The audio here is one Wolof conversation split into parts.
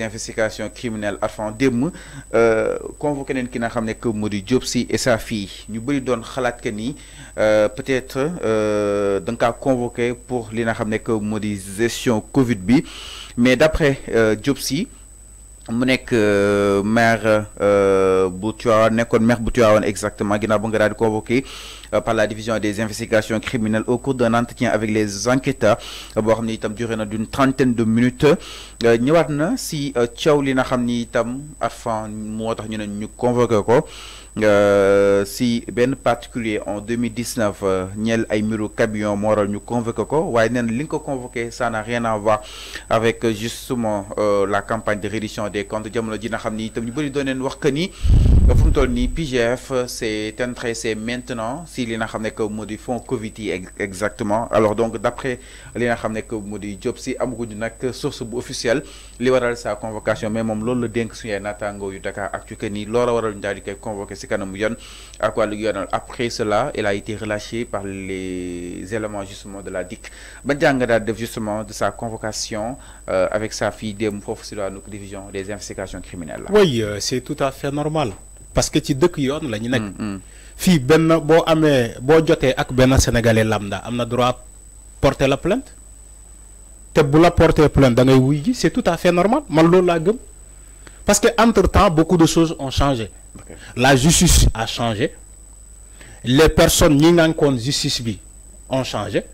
l'investigation criminelle a de euh, convoqué convoquer ki n'a xam ne Modi Jobsi et sa fille Nous voulons doon xalaat ni euh, peut-être euh à convoquer convoqué pour les na xam ne Modi gestion Covid bi mais d'après Jopsy, euh, mon nekk euh, euh, maire bu maire bu exactement qui a nga convoqué euh, par la division des investigations criminelles au cours d'un entretien avec les enquêteurs Il xamni duré na d'une trentaine de minutes ñewat na si coow li nga xamni ni itam afan moo tax ñu ñu convoqué ko euh, si ben particulier en 2019 Niel euh, ay mbiru camion moo ñu convoqué ko waaye nee na ko convoqué ça n'a rien à voir avec euh, justement la campagne de réduction des comptes jamono ji nga xam itam ñu bari doon neen wax que ni fu mu ni PGF c'est entré c'est maintenant si li na xamné que modi fond Covid exactement alors donc d'après li na xamné que modi di job si source bu officielle li waral sa convocation mais mom loolu la dénk suñu naataangoo yu Dakar ak que ni loola waral ñu di convoqué a après cela elle a été relâchée par les éléments justement de la DIC ba justement de sa convocation euh, avec sa fille des division des investigations criminelles oui euh, c'est tout à fait normal parce que tu es la fille, nekk. Mm, mm. sénégalais lambda droit porter la plainte la porter plainte c'est tout à fait normal parce qu'entre-temps, beaucoup de choses ont changé. La justice a changé. Les personnes qui ont justice justice ont changé.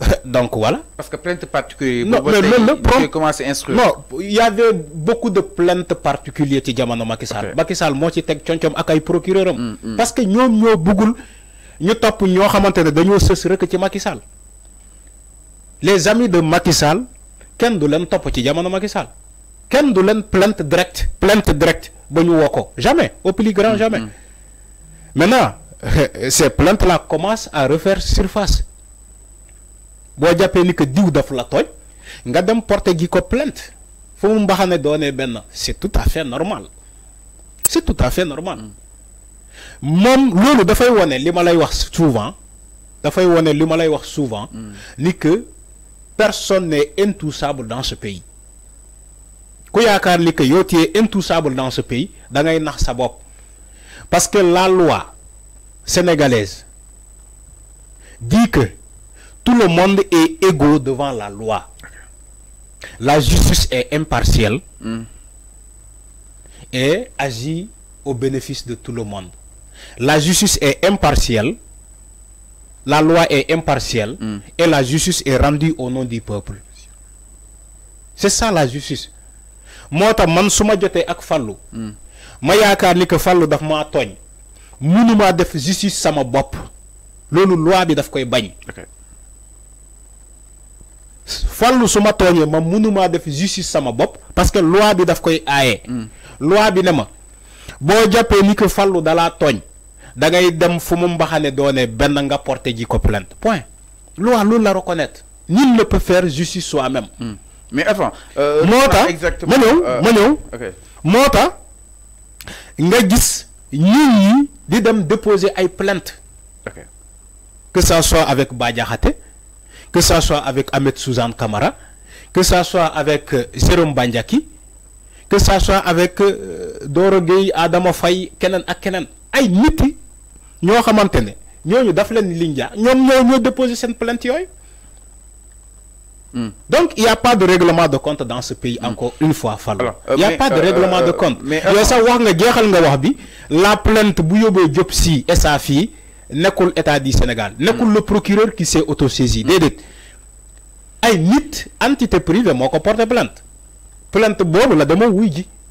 Donc voilà. Parce que plainte particulière, non, mais commencé à instruire. Non, il y avait beaucoup de plaintes particulières qui ont Macky Sall. Macky Sall, moi, je suis procureur. Mm, mm. Parce que nous, nous, nous, nous, top nous, nous, nous, ce que c'est Macky Sall. Les amis de Macky Sall, quand nous, nous, top, c'est Macky Sall. Quand de plainte direct plainte direct ba jamais au plus grand mm-hmm. jamais maintenant ces plaintes là commencent à refaire surface boo jàppee ni que diw daf la tooñ nga dem porter gi ko plainte fu mu mbaxane doonee c'est tout à fait normal c'est tout à fait normal même loolu dafay wone les lima lay wax souvent dafay wone li ma lay wax souvent mm. ni que personne n'est intouchable dans ce pays ku est tu intouchable dans ce pays parce que la loi sénégalaise dit que tout le monde est égaux devant la loi la justice est impartielle hmm. et agit au bénéfice de tout le monde la justice est impartielle la loi est impartielle hmm. et la justice est rendue au nom du peuple c'est ça la justice moo tax man su ma jotee ak fallu ma yaakaar ni que fallu daf maa tooñ mënumaa def justice sama bopp loolu loi bi daf koy bañ fallu su ma tooñee ma mënumaa def justice sama bopp parce que loi bi daf koy aaye mm. loi bi ne ma boo jàppee ni que fallu dalaa tooñ da ngay dem fu mu mbaxane doone benn nga porté ji ko plainte point loi loolu la reconnaître nul ne peut faire justice soi-même mm. mais enfin euh, tax ma ñëw euh, ma ñëw moo nga gis nit ñi di dem déposer ay plainte que ça soit avec Bah que ça soit avec Ahmed Suzanne Camara que ça soit avec euh, Jérôme Bandiaki que ça soit avec euh, Doro Gueye Adama Faye keneen ak keneen ay nit ñoo xamantene, ñoo ñooñu daf leen linja, ñoom ñoo ñoo déposer seen plainte yooyu Mm. Donc, il n'y a pas de règlement de compte dans ce pays, mm. encore une fois, Il n'y a pas de euh, règlement de euh, compte. Mais, euh, la plainte Bouyobo Diopsi et sa fille, n'est l'État du Sénégal, n'est mm. le procureur qui s'est autosaisi. Dédit. Ay nit entité privée qui porte porté plainte plainte bonne la demande oui.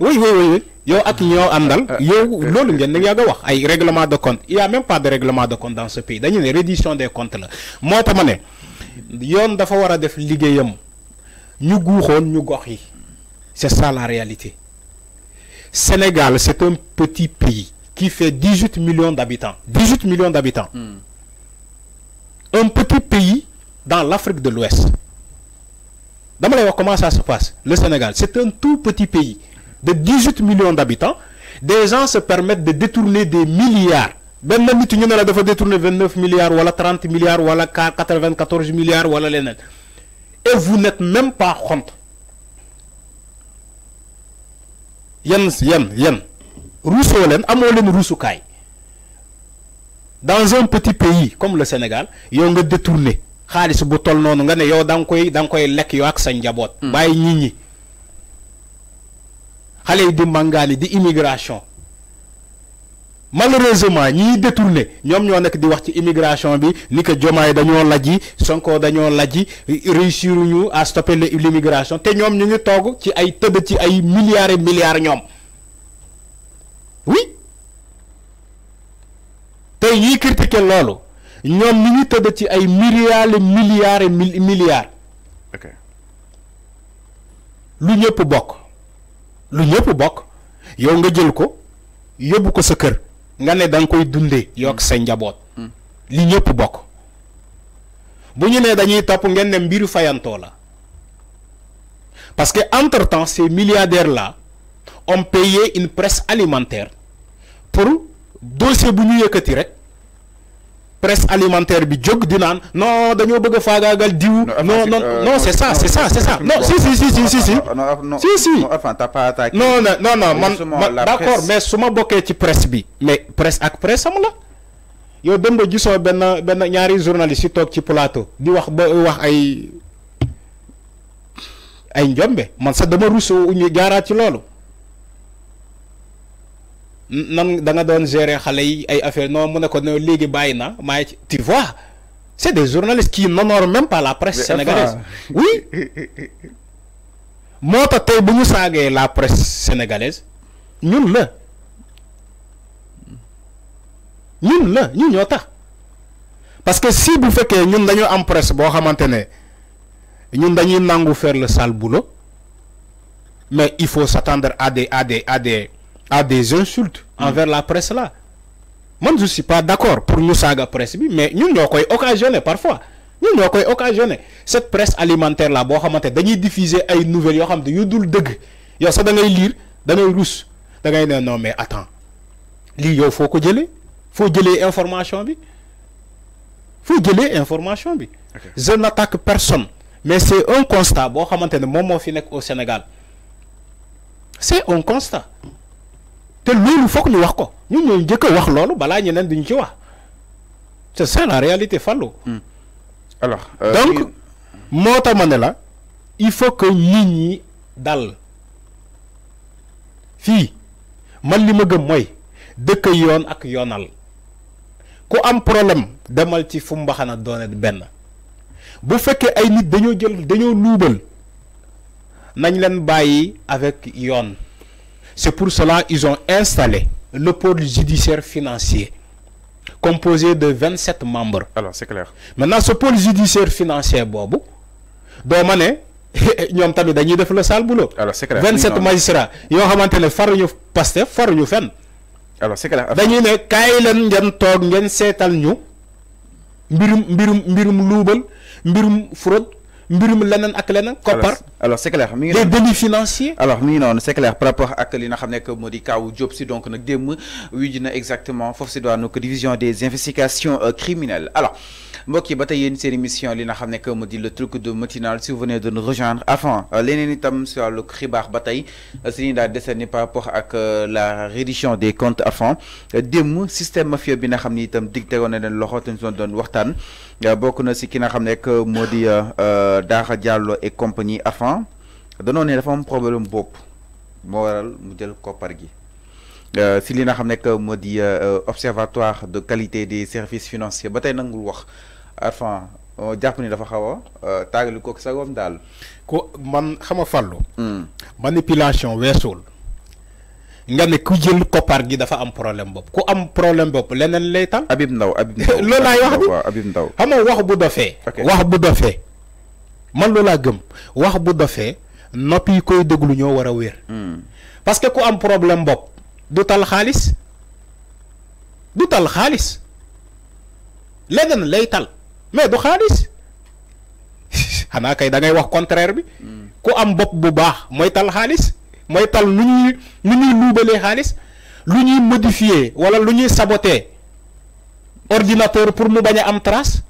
Oui, oui, oui. règlement de compte. Il y a même pas de règlement de compte dans ce pays. Il des comptes. Là. Moi, def c'est ça la réalité Sénégal c'est un petit pays qui fait 18 millions d'habitants 18 millions d'habitants hmm. un petit pays dans l'Afrique de l'Ouest D'abord comment ça se passe le Sénégal c'est un tout petit pays de 18 millions d'habitants, des gens se permettent de détourner des milliards. Ben nit ñu ne la dafa détourner 29 milliards wala 30 milliards wala 94 milliards wala leneen. Et vous n'êtes même pas compte. Yen yen yen. Rousseau len amoo leen ruusukaay. Dans un petit pays comme le Sénégal, yow nga détourner khalis bu toll noonu nga ne yow da nga koy da nga koy lekk yow ak sa njaboot. Hmm. Bàyyi nit ñi xale yi di mangali di immigration malheureusement ñi détourné ñom ñoo nek di wax ci immigration bi ni que Diomaye dañoo laji Sonko dañoo laji réussir ñu à stopper l'immigration té ñom ñu ngi togg ci ay tëdd ci ay milliards et milliards ñom oui té ñuy critiquer loolu ñom ñu ngi tëdd ci ay milliards et milliards et milliards. ok lu ñëpp bokk lu ñëpp bokk yow nga jël ko yóbbu ko sa kër nga ne da koy dundee yokk sa njaboot mm. li ñëpp bokk bu ñu nee dañuy topp ngeen ne mbiru fayantoo la parce que entre temps ces milliardaires là ont payé une presse alimentaire pour dossier bu ñu yëkkati rek presse alimentaire bi jóg di naan non dañoo bëgg a faagaagal diw. non non euh, non c'est ça c'est ça c'est ça non si si si si si si. si si non non non man man d'accord mais su ma bokkee ci presse bi mais presse ak presse am la. yow dem ba gisoo benn benn ñaari journaliste yi toog ci plateau di wax ba wax ay ay njombe man sax dama ruusoo ñu jaaraat ci loolu. nan da nga doon gérer xale yi ay affaire non mu ne ko ne léegi bàyyi na mais tu vois c'est des journalistes qui n'honorent même pas la presse sénégalaise oui moo tax tey bu ñu la presse sénégalaise ñun la ñun la ñun ñoo tax parce que si bu fekkee ñun dañu am presse boo xamante ne ñun dañuy nangu faire le sale boulot mais il faut s'attendre à des à des à des à des insultes envers la presse là moi je suis pas d'accord pour nous saga presse mais ñun ñoo koy occasionné parfois ñun ñoo koy occasionné cette presse alimentaire là boo xamante dañuy diffuser ay nouvelles yoo xam yudul yu dul il yow sax da ngay lire dans les rus dans les non mais attends il faut que ko faut foo jëlee information bi foo jëlee information bi. je n'attaque personne mais c'est un constat boo xamante ne moom fi au Sénégal c'est un constat. te loolu foog ñu wax ko ñun ñooy njëkk a wax loolu balaa ñeneen duñu ci wax ca ça la réalité Fallou. Hmm. Euh, donc moo tax ma ne la il faut que nit ñi dal fii man li ma gëm mooy dëkk yoon ak yoonal ku am problème demal ci fu mbaxana doone benn bu fekkee ay nit dañoo jël dañoo luubal nañ leen bàyyi avec yoon. C'est pour cela qu'ils ont installé le pôle judiciaire financier, composé de 27 membres. Alors, c'est clair. Maintenant, ce pôle judiciaire financier, Bobo, nous le sale boulot. alors c'est clair 27 magistrats le alors c'est clair alors c'est clair les bénéficiaires financiers. alors mi c'est clair par rapport à li nga xamné que modi nous job si donc nak dem exactement foofu ci division des investigations euh, criminelles alors mbokk qui ba série yéen émission li nga que mu le truc de matinal si vous venez de nous rejoindre afin euh, leneen itam sur le xibaar ba tey euh, suñu daal par rapport ak euh, la reddition des comptes afin dem système mafieux bi nga xamni itam digte woon na loxo te ñu doon doon waxtaan bokk na si ki nga xamné que modi di Diallo et compagnie afin danoo ne dafa am problème bopp mo waral mu jël koppar gi si li nga xamné que modi observatoire de qualité des services financiers batay nangul wax jàpp ni dafa xaw a euh, tàggali kook sagoom daal. ko man xama fàllu hmm. manipulation weesul nga ne ku jël koppar gi dafa am problème bopp ku am problème bopp leneen lay tal. Habib Ndaw Habib Ndaw loolu laay wax bi Habib Ndaw xam wax bu dofee. wax bu dofee man loolaa gëm wax bu dofee nopp yi koy déglu ñoo war a wér. Hmm. parce que ku am problème bopp du tal xaalis du tal xaalis leneen lay tal. mais du xaalis xanaa kay da ngay wax contraire bi ku am bopp bu baax mooy tal xaalis mooy tal lu ñuy lu ñuy luubalee xaalis lu ñuy modifier walla lu ñuy saboter ordinateur pour mu bañ a am trace